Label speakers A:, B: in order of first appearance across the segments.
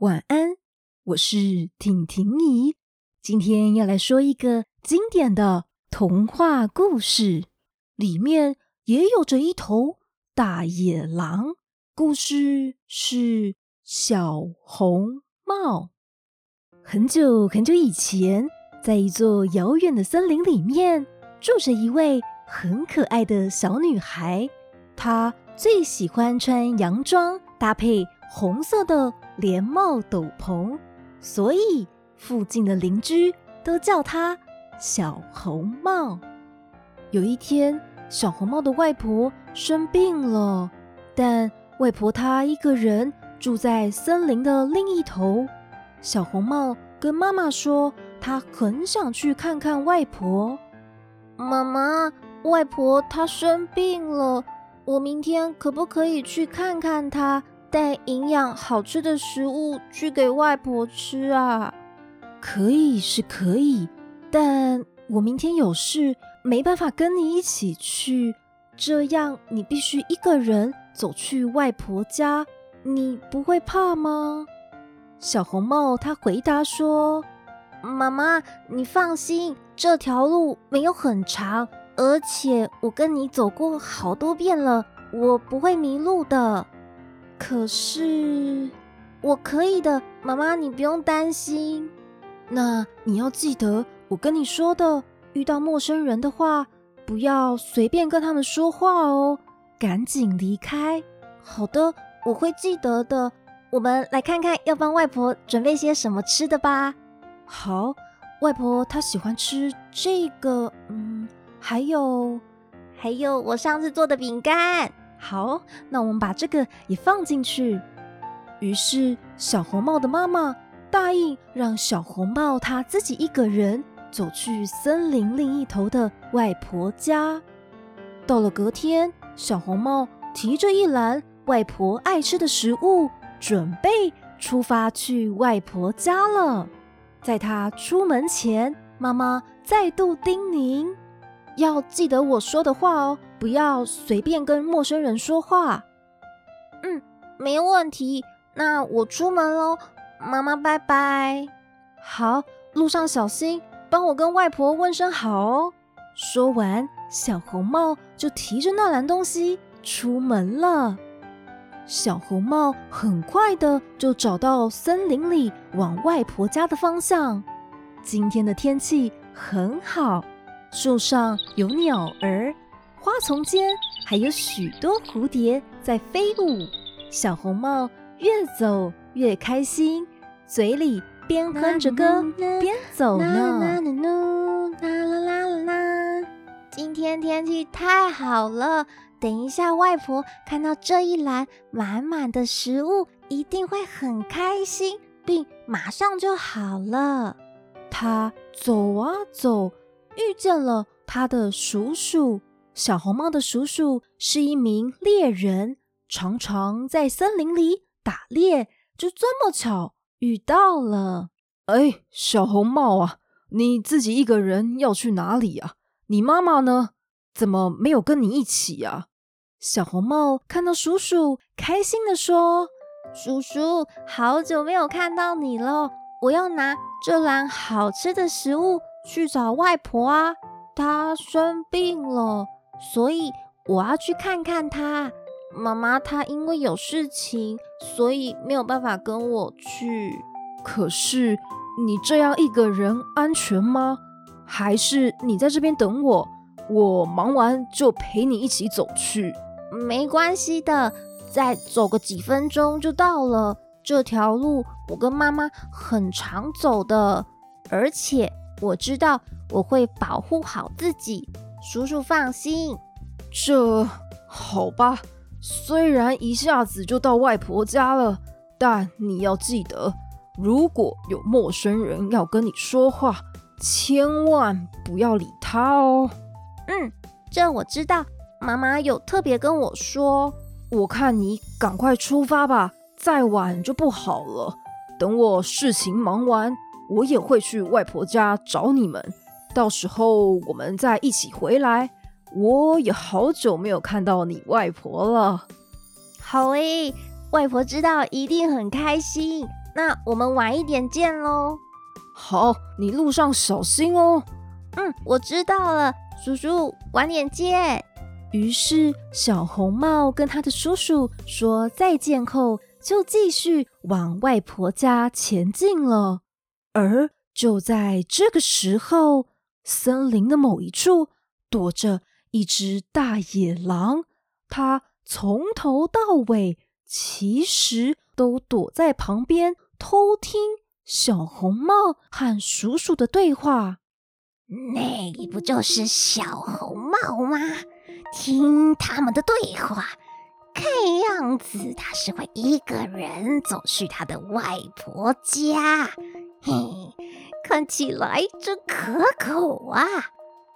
A: 晚安，我是婷婷姨。今天要來說一個經典的童話故事，裡面也有着一頭大野狼。故事是《小紅帽》。很久很久以前，在一座遙遠的森林裡面，住着一位很可愛的小女孩。她最喜歡穿洋裝，搭配紅色的連帽斗篷，所以附近的鄰居都叫它小紅帽。有一天，小紅帽的外婆生病了，但外婆她一個人住在森林的另一頭。小紅帽跟媽媽說，她很想去看看外婆。“媽媽，外婆她生病了，我明天可不可以去看看她？”帶營養好吃的食物去給外婆吃啊？可以是可以，但我明天有事，沒辦法跟你一起去。這樣你必須一個人走去外婆家，你不會怕嗎？小紅帽她回答說：“媽媽，你放心，這條路沒有很長，而且我跟你走過好多遍了，我不會迷路的。”可是，我可以的，媽媽，你不用擔心。那你要記得我跟你說的，遇到陌生人的話，不要隨便跟他們說話哦，趕緊離開。好的，我會記得的。我們來看看要幫外婆準備些什麼吃的吧。好，外婆她喜歡吃這個，嗯，還有，還有我上次做的餅乾。好，那我們把這個也放進去。於是，小紅帽的媽媽答應讓小紅帽她自己一個人走去森林另一頭的外婆家。到了隔天，小紅帽提着一籃外婆愛吃的食物，準備出發去外婆家了。在她出門前，媽媽再度叮嚀，要記得我說的話哦。不要隨便跟陌生人說話。嗯，沒有問題。那我出門嘍，媽媽，拜拜。好，路上小心，幫我跟外婆問聲好哦。說完，小紅帽就提着那籃東西出門了。小紅帽很快的就找到森林裡往外婆家的方向。今天的天氣很好，樹上有鳥兒。花叢間還有許多蝴蝶在飛舞，小紅帽越走越開心，嘴裡邊哼着歌邊走呢，啦啦啦啦。今天天氣太好了，等一下外婆看到這一籃滿滿的食物，一定會很開心，並馬上就好了。她走啊走，遇見了她的叔叔。小紅帽的叔叔是一名獵人，常常在森林裡打獵。就這麼巧遇到了，哎，小紅帽啊，你自己一個人要去哪裡啊？你媽媽呢？怎麼沒有跟你一起啊？小紅帽看到叔叔，開心地說：“叔叔，好久沒有看到你了。我要拿這籃好吃的食物去找外婆啊，她生病了。”所以我要去看看他，媽媽她因為有事情，所以沒有辦法跟我去。可是你這樣一個人安全嗎？還是你在這邊等我，我忙完就陪你一起走去？沒關係的，再走個幾分鐘就到了。這條路我跟媽媽很常走的，而且我知道我會保護好自己。叔叔放心，這好吧。雖然一下子就到外婆家了，但你要記得，如果有陌生人要跟你說話，千萬不要理他哦。嗯，這我知道。媽媽有特別跟我說。我看你趕快出發吧，再晚就不好了。等我事情忙完，我也會去外婆家找你們。到時候我們再一起回來。我也好久沒有看到你外婆了。好誒，外婆知道一定很開心。那我們晚一點見嘍。好，你路上小心哦。嗯，我知道了，叔叔，晚點見。於是，小紅帽跟他的叔叔說再見後，就繼續往外婆家前進了。而就在這個時候，森林的某一處躲着一隻大野狼，它從頭到尾其實都躲在旁邊偷聽小紅帽和鼠鼠的對話。那不就是小紅帽嗎？聽他們的對話。看樣子他是會一個人走去他的外婆家，嘿，看起來真可口啊！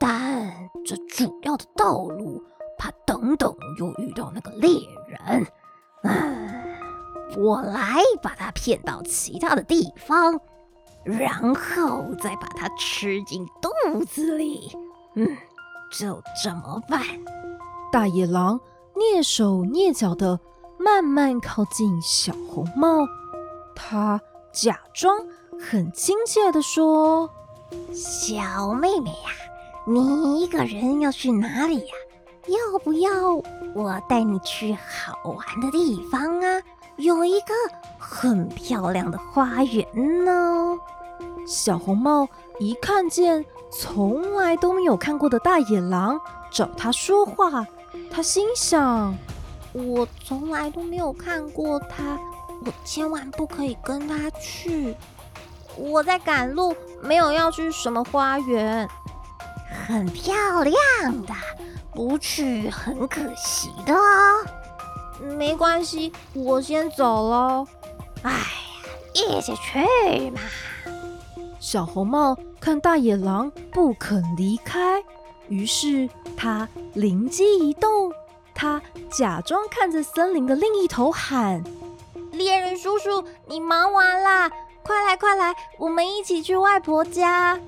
A: 但這主要的道路，怕等等又遇到那個獵人。嗯、啊，我來把他騙到其他的地方，然後再把它吃進肚子裡。嗯，就這麼辦。大野狼躡手躡腳地慢慢靠近小紅帽，他假裝很親切地說：“小妹妹呀、啊，你一個人要去哪裡呀、啊？要不要我帶你去好玩的地方啊？有一個很漂亮的花園呢、哦。”小紅帽一看見從來都沒有看過的大野狼找他說話。他心想：“我從來都沒有看過他，我千萬不可以跟他去。我在趕路，沒有要去什麼花園，很漂亮的，不去很可惜的哦。沒關係，我先走了。哎呀，一起去嘛！”小紅帽看大野狼不肯離開。於是他靈機一動，他假裝看着森林的另一頭喊：“獵人叔叔，你忙完啦，快來快來，我們一起去外婆家。”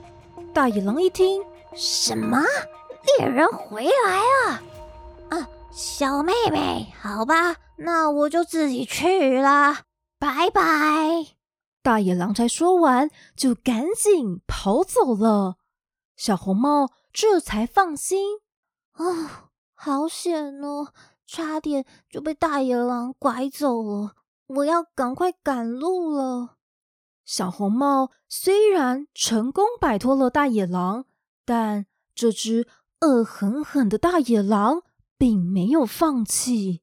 A: 大野狼一聽，什麼？獵人回來了？啊，小妹妹，好吧，那我就自己去了，拜拜。大野狼才說完，就趕緊跑走了。小紅帽。這才放心啊！哦，好險哦，差點就被大野狼拐走了。我要趕快趕路了。小紅帽雖然成功擺脫了大野狼，但這隻惡狠狠的大野狼並沒有放棄。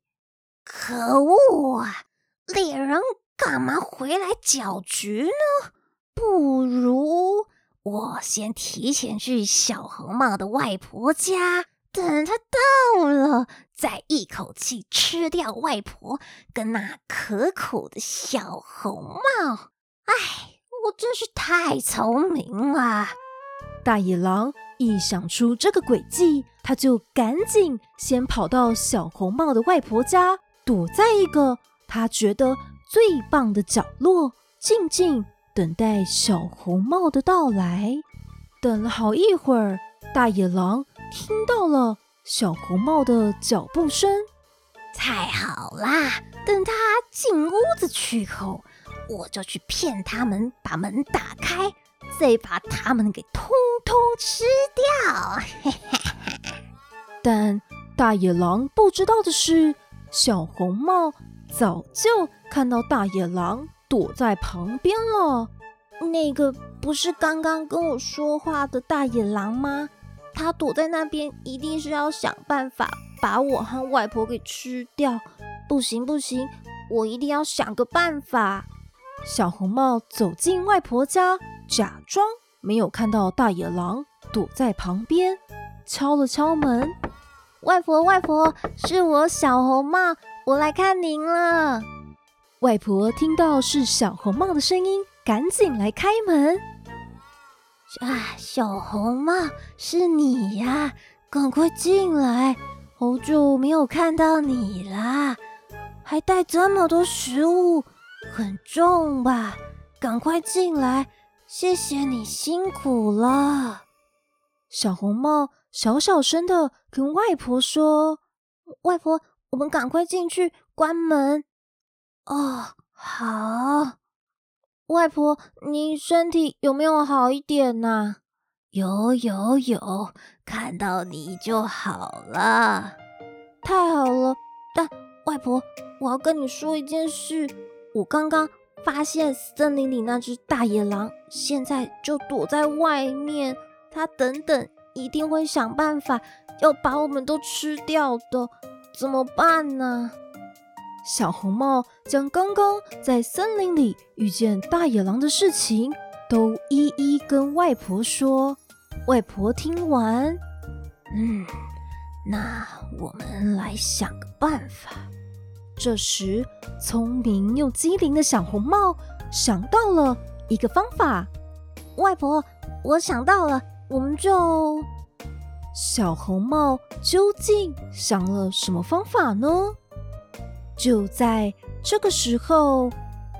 A: 可惡啊！獵人幹嘛回來攪局呢？不如……我先提前去小紅帽的外婆家，等她到了，再一口氣吃掉外婆跟那可口的小紅帽。唉，我真是太聰明了！大野狼一想出這個詭計，他就趕緊先跑到小紅帽的外婆家，躲在一個他覺得最棒的角落，靜靜。等待小紅帽的到來，等了好一會兒，大野狼聽到了小紅帽的腳步聲，太好啦！等他進屋子去後，我就去騙他們，把門打開，再把他們給通通吃掉。 但大野狼不知道的是，小紅帽早就看到大野狼，躲在旁邊了，那個不是剛剛跟我說話的大野狼嗎？他躲在那邊，一定是要想辦法把我和外婆給吃掉。不行不行，我一定要想個辦法。小紅帽走進外婆家，假裝沒有看到大野狼躲在旁邊，敲了敲門。外婆外婆，是我小紅帽，我來看您了。外婆聽到是小紅帽的聲音，趕緊來開門。啊，小紅帽是你呀！趕快進來，好久沒有看到你啦！還帶這麼多食物，很重吧？趕快進來，謝謝你辛苦了。小紅帽小小聲的跟外婆說：“外婆，我們趕快進去關門。”哦，好，外婆，您身體有沒有好一點吶？有有有，看到你就好了，太好了。但外婆，我要跟你說一件事，我剛剛發現森林裡那隻大野狼，現在就躲在外面，它等等一定會想辦法要把我們都吃掉的，怎麼辦呢？小紅帽將剛剛在森林裡遇見大野狼的事情都一一跟外婆說。外婆聽完，嗯，那我們來想個辦法。這時，聰明又機靈的小紅帽想到了一個方法。外婆，我想到了，我們就……小紅帽究竟想了什麼方法呢？就在這個時候，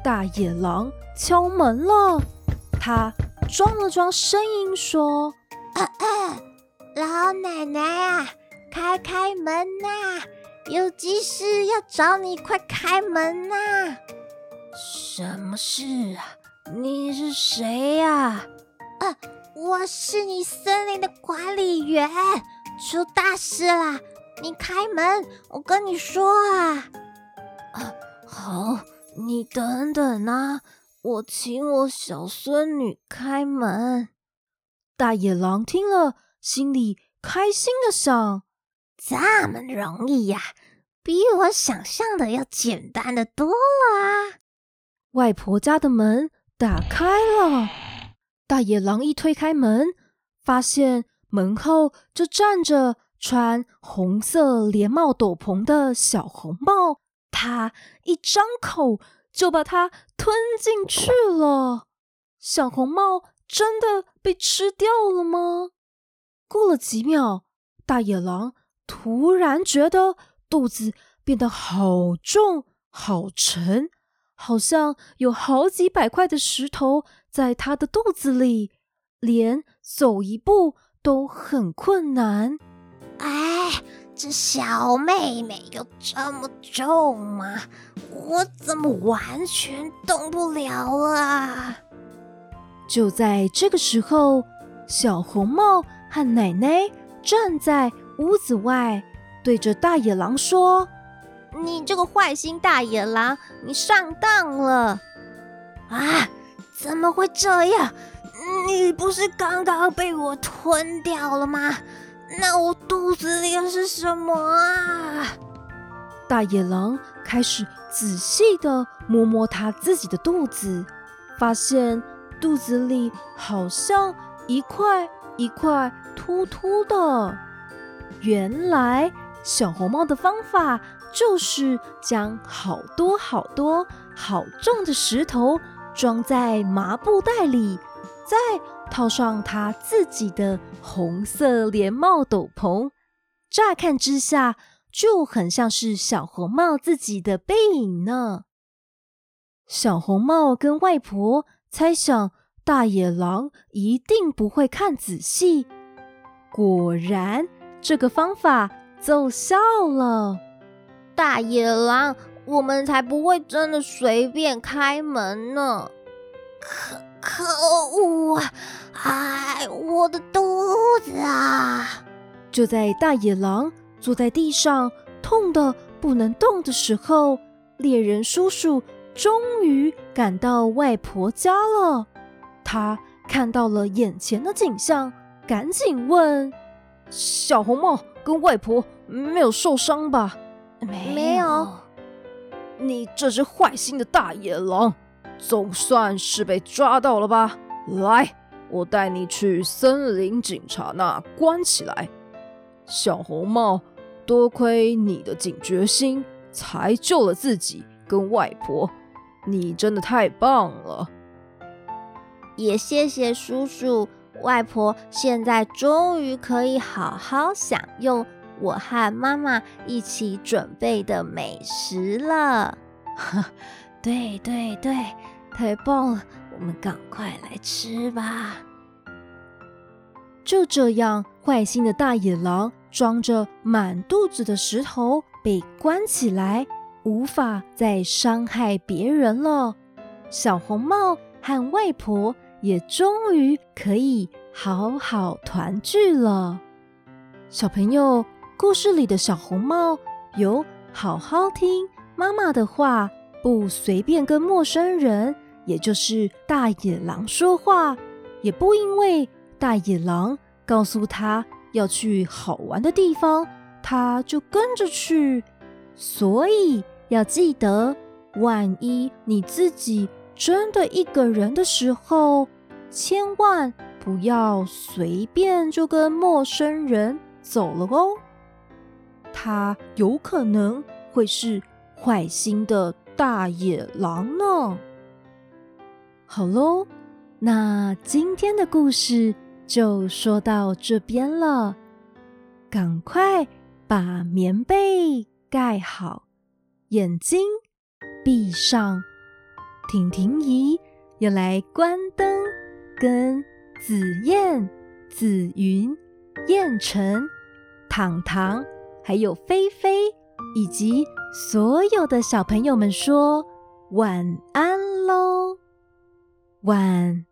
A: 大野狼敲門了。他裝了裝聲音說呃呃：“老奶奶呀、啊，開開門吶、啊，有急事要找你，快開門吶、啊！”“什麼事啊？你是誰呀、啊？”“啊、呃，我是你森林的管理員，出大事了，你開門，我跟你說啊。”好、oh,，你等等啊，我請我小孫女開門。大野狼聽了，心裡開心的想：
B: 這麼
A: 容易呀、啊，比我想象的要簡單的多啦、啊！外婆家的門打開了，大野狼一推開門，發現門後就站着穿紅色連帽斗篷的小紅帽。他一張口就把它吞進去了。小紅帽真的被吃掉了嗎？過了幾秒，大野狼突然覺得肚子變得好重、好沉，好像有好幾百塊的石頭在他的肚子裡，連走一步都很困難。哎！這小妹妹有這麼重嗎？我怎麼完全動不了了，啊？就在這個時候，小紅帽和奶奶站在屋子外，對着大野狼說：“你這個壞心大野狼，你上當了啊！怎麼會這樣？你不是剛剛被我吞掉了嗎？”那我肚子裡又是什麼啊？大野狼開始仔細地摸摸他自己的肚子，發現肚子裡好像一塊一塊凸凸的。原來，小紅帽的方法就是將好多好多好重的石頭裝在麻布袋裡。再套上他自己的紅色連帽斗篷，乍看之下就很像是小紅帽自己的背影呢。小紅帽跟外婆猜想，大野狼一定不會看仔細。果然，這個方法奏效了。大野狼，我們才不會真的隨便開門呢。可。可惡啊！哎，我的肚子啊！就在大野狼坐在地上痛的不能動的時候，獵人叔叔終於趕到外婆家了。他看到了眼前的景象，趕緊問：“小紅帽跟外婆沒有受傷吧？”“沒有。”“你這隻壞心的大野狼！”總算是被抓到了吧？來，我帶你去森林警察那關起來。小紅帽，多虧你的警覺心，才救了自己跟外婆。你真的太棒了！也謝謝叔叔、外婆，現在終於可以好好享用我和媽媽一起準備的美食了。 對對對。太棒了，我們趕快來吃吧！就這樣，壞心的大野狼裝着滿肚子的石頭被關起來，無法再傷害別人了。小紅帽和外婆也終於可以好好團聚了。小朋友，故事裡的小紅帽有好好聽媽媽的話，不隨便跟陌生人。也就是大野狼說話，也不因為大野狼告訴他要去好玩的地方，他就跟着去。所以要記得，萬一你自己真的一個人的時候，千萬不要隨便就跟陌生人走了哦。他有可能會是壞心的大野狼呢。好嘍，那今天的故事就說到這邊了。趕快把棉被蓋好，眼睛閉上。婷婷姨要來關燈，跟紫硯、紫芸、彥辰、棠棠，還有菲菲以及所有的小朋友們說晚安。晚安。